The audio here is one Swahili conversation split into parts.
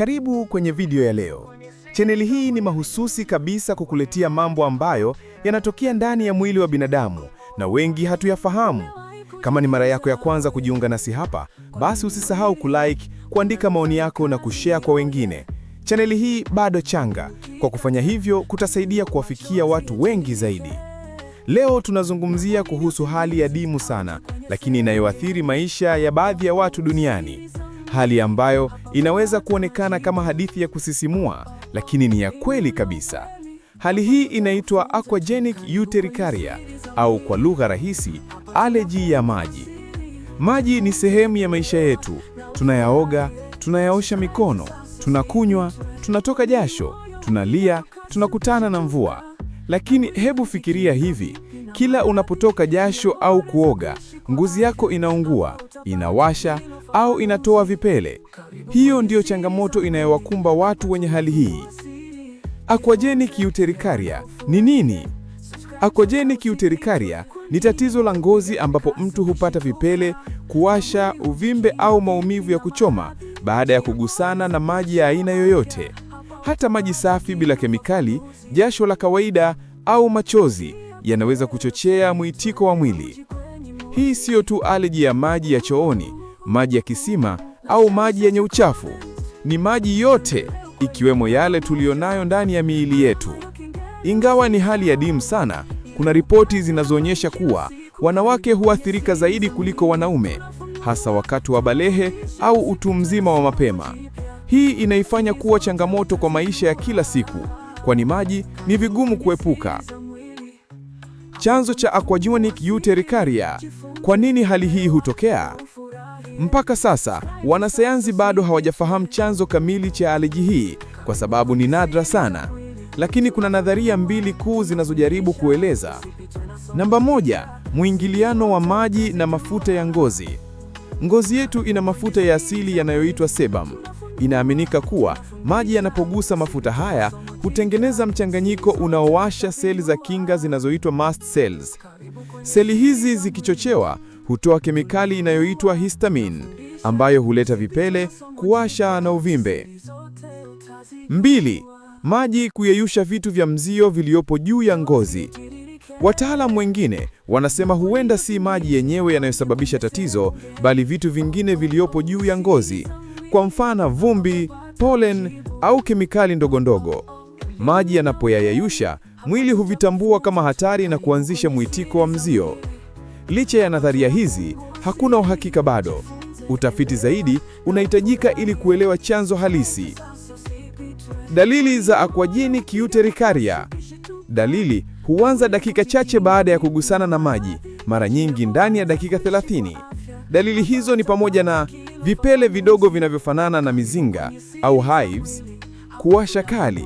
Karibu kwenye video ya leo. Chaneli hii ni mahususi kabisa kukuletea mambo ambayo yanatokea ndani ya mwili wa binadamu na wengi hatuyafahamu. Kama ni mara yako ya kwanza kujiunga nasi hapa, basi usisahau kulike, kuandika maoni yako na kushare kwa wengine. Chaneli hii bado changa. Kwa kufanya hivyo kutasaidia kuwafikia watu wengi zaidi. Leo tunazungumzia kuhusu hali adimu sana, lakini inayoathiri maisha ya baadhi ya watu duniani hali ambayo inaweza kuonekana kama hadithi ya kusisimua, lakini ni ya kweli kabisa. Hali hii inaitwa aquagenic urticaria au kwa lugha rahisi, aleji ya maji. Maji ni sehemu ya maisha yetu, tunayaoga, tunayaosha mikono, tunakunywa, tunatoka jasho, tunalia, tunakutana na mvua. Lakini hebu fikiria hivi, kila unapotoka jasho au kuoga, ngozi yako inaungua, inawasha au inatoa vipele. Hiyo ndiyo changamoto inayowakumba watu wenye hali hii. Aquagenic urticaria ni nini? Aquagenic urticaria ni tatizo la ngozi ambapo mtu hupata vipele, kuwasha, uvimbe au maumivu ya kuchoma baada ya kugusana na maji ya aina yoyote, hata maji safi bila kemikali, jasho la kawaida au machozi yanaweza kuchochea mwitiko wa mwili. Hii siyo tu aleji ya maji ya chooni, maji ya kisima au maji yenye uchafu. Ni maji yote ikiwemo yale tuliyonayo ndani ya miili yetu. Ingawa ni hali adimu sana, kuna ripoti zinazoonyesha kuwa wanawake huathirika zaidi kuliko wanaume, hasa wakati wa balehe au utu mzima wa mapema. Hii inaifanya kuwa changamoto kwa maisha ya kila siku, kwani maji ni vigumu kuepuka. Chanzo cha aquagenic urticaria. Kwa nini hali hii hutokea? Mpaka sasa wanasayansi bado hawajafahamu chanzo kamili cha aleji hii kwa sababu ni nadra sana, lakini kuna nadharia mbili kuu zinazojaribu kueleza. Namba moja, mwingiliano wa maji na mafuta ya ngozi. Ngozi yetu ina mafuta ya asili yanayoitwa sebum. Inaaminika kuwa maji yanapogusa mafuta haya hutengeneza mchanganyiko unaowasha seli za kinga zinazoitwa mast cells. Seli hizi zikichochewa hutoa kemikali inayoitwa histamine ambayo huleta vipele, kuwasha na uvimbe. Mbili, maji kuyeyusha vitu vya mzio viliopo juu ya ngozi. Wataalamu wengine wanasema huenda si maji yenyewe yanayosababisha tatizo, bali vitu vingine viliopo juu ya ngozi, kwa mfano vumbi, pollen au kemikali ndogondogo. Maji yanapoyayayusha, mwili huvitambua kama hatari na kuanzisha mwitiko wa mzio. Licha ya nadharia hizi, hakuna uhakika bado. Utafiti zaidi unahitajika ili kuelewa chanzo halisi. Dalili za akuajini urticaria. Dalili huanza dakika chache baada ya kugusana na maji, mara nyingi ndani ya dakika 30. Dalili hizo ni pamoja na vipele vidogo vinavyofanana na mizinga au hives, kuwasha kali,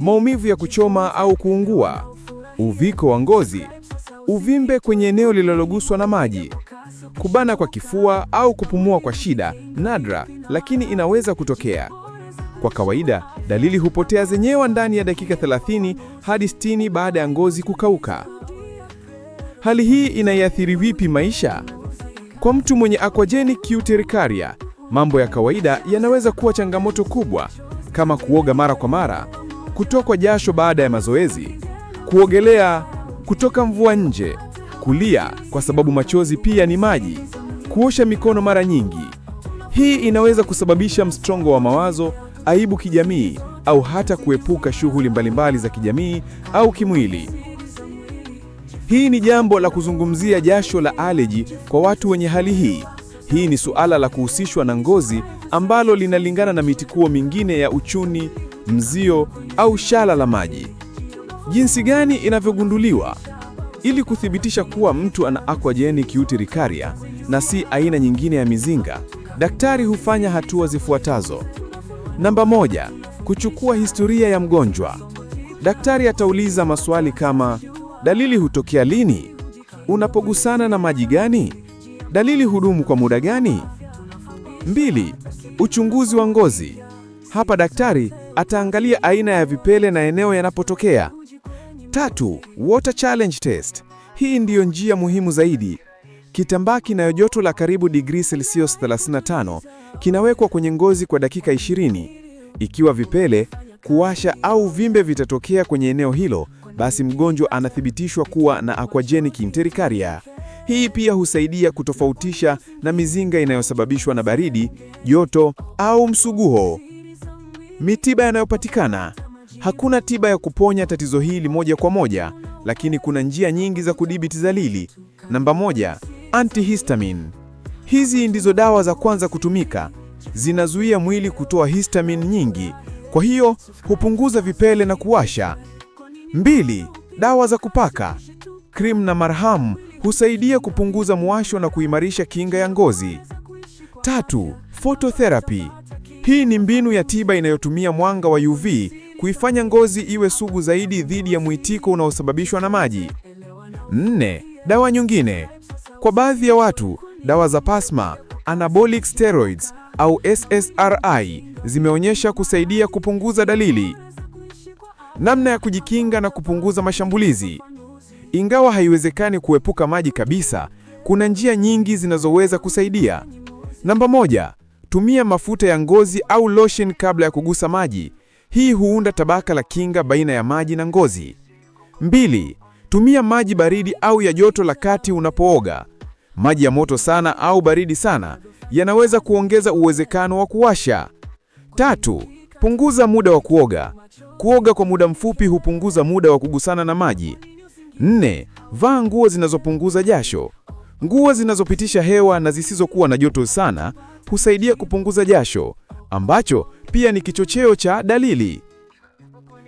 maumivu ya kuchoma au kuungua, uviko wa ngozi uvimbe kwenye eneo linaloguswa na maji, kubana kwa kifua au kupumua kwa shida, nadra lakini inaweza kutokea. Kwa kawaida dalili hupotea zenyewe ndani ya dakika 30 hadi 60 baada ya ngozi kukauka. Hali hii inaiathiri vipi maisha? Kwa mtu mwenye aquagenic urticaria, mambo ya kawaida yanaweza kuwa changamoto kubwa kama kuoga mara kwa mara, kutokwa jasho baada ya mazoezi, kuogelea kutoka mvua nje, kulia kwa sababu machozi pia ni maji, kuosha mikono mara nyingi. Hii inaweza kusababisha msongo wa mawazo, aibu kijamii, au hata kuepuka shughuli mbalimbali za kijamii au kimwili. Hii ni jambo la kuzungumzia, jasho la aleji kwa watu wenye hali hii. Hii ni suala la kuhusishwa na ngozi ambalo linalingana na mitikuo mingine ya uchuni, mzio au shala la maji. Jinsi gani inavyogunduliwa? Ili kuthibitisha kuwa mtu ana aquagenic urticaria na si aina nyingine ya mizinga, daktari hufanya hatua zifuatazo. Namba moja, kuchukua historia ya mgonjwa. Daktari atauliza maswali kama dalili hutokea lini? Unapogusana na maji gani? Dalili hudumu kwa muda gani? Mbili, uchunguzi wa ngozi. Hapa daktari ataangalia aina ya vipele na eneo yanapotokea Tatu, water challenge test. Hii ndiyo njia muhimu zaidi. Kitambaa kinayo joto la karibu digrii Celsius 35 kinawekwa kwenye ngozi kwa dakika 20. Ikiwa vipele, kuwasha au vimbe vitatokea kwenye eneo hilo, basi mgonjwa anathibitishwa kuwa na aquagenic urticaria. Hii pia husaidia kutofautisha na mizinga inayosababishwa na baridi, joto au msuguho. Mitiba yanayopatikana Hakuna tiba ya kuponya tatizo hili moja kwa moja, lakini kuna njia nyingi za kudhibiti zalili. Namba moja, antihistamine. Hizi ndizo dawa za kwanza kutumika, zinazuia mwili kutoa histamine nyingi, kwa hiyo hupunguza vipele na kuwasha. Mbili, dawa za kupaka. Krimu na marhamu husaidia kupunguza mwasho na kuimarisha kinga ya ngozi. Tatu, phototherapy. Hii ni mbinu ya tiba inayotumia mwanga wa UV kuifanya ngozi iwe sugu zaidi dhidi ya mwitiko unaosababishwa na maji. Nne, dawa nyingine. Kwa baadhi ya watu, dawa za pasma, anabolic steroids au SSRI zimeonyesha kusaidia kupunguza dalili. Namna ya kujikinga na kupunguza mashambulizi. Ingawa haiwezekani kuepuka maji kabisa, kuna njia nyingi zinazoweza kusaidia. Namba moja, tumia mafuta ya ngozi au lotion kabla ya kugusa maji hii huunda tabaka la kinga baina ya maji na ngozi. Mbili, tumia maji baridi au ya joto la kati unapooga. Maji ya moto sana au baridi sana yanaweza kuongeza uwezekano wa kuwasha. Tatu, punguza muda wa kuoga. Kuoga kwa muda mfupi hupunguza muda wa kugusana na maji. Nne, vaa nguo zinazopunguza jasho. Nguo zinazopitisha hewa na zisizokuwa na joto sana husaidia kupunguza jasho ambacho pia ni kichocheo cha dalili.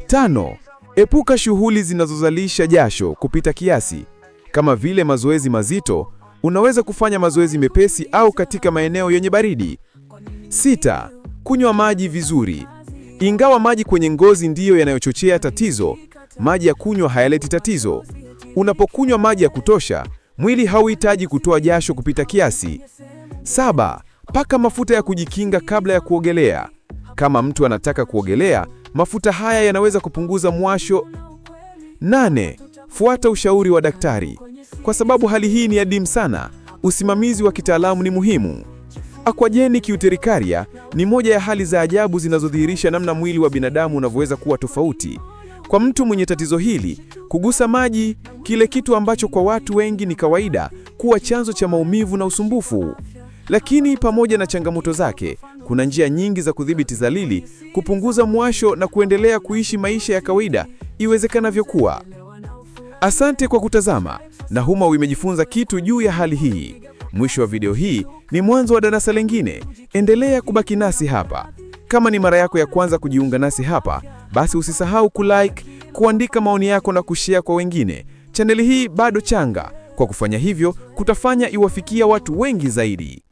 Tano, epuka shughuli zinazozalisha jasho kupita kiasi kama vile mazoezi mazito. Unaweza kufanya mazoezi mepesi au katika maeneo yenye baridi. Sita, kunywa maji vizuri. Ingawa maji kwenye ngozi ndiyo yanayochochea tatizo, maji ya kunywa hayaleti tatizo. Unapokunywa maji ya kutosha, mwili hauhitaji kutoa jasho kupita kiasi. Saba, Paka mafuta ya kujikinga kabla ya kuogelea. Kama mtu anataka kuogelea, mafuta haya yanaweza kupunguza mwasho. Nane, fuata ushauri wa daktari. Kwa sababu hali hii ni adimu sana, usimamizi wa kitaalamu ni muhimu. Aquagenic urticaria ni moja ya hali za ajabu zinazodhihirisha namna mwili wa binadamu unavyoweza kuwa tofauti. Kwa mtu mwenye tatizo hili, kugusa maji, kile kitu ambacho kwa watu wengi ni kawaida, kuwa chanzo cha maumivu na usumbufu. Lakini pamoja na changamoto zake, kuna njia nyingi za kudhibiti zalili, kupunguza mwasho na kuendelea kuishi maisha ya kawaida iwezekanavyo kuwa. Asante kwa kutazama. Nahuma umejifunza kitu juu ya hali hii. Mwisho wa video hii ni mwanzo wa darasa lengine. Endelea kubaki nasi hapa. Kama ni mara yako ya kwanza kujiunga nasi hapa, basi usisahau kulike, kuandika maoni yako na kushare kwa wengine. Chaneli hii bado changa. Kwa kufanya hivyo, kutafanya iwafikia watu wengi zaidi.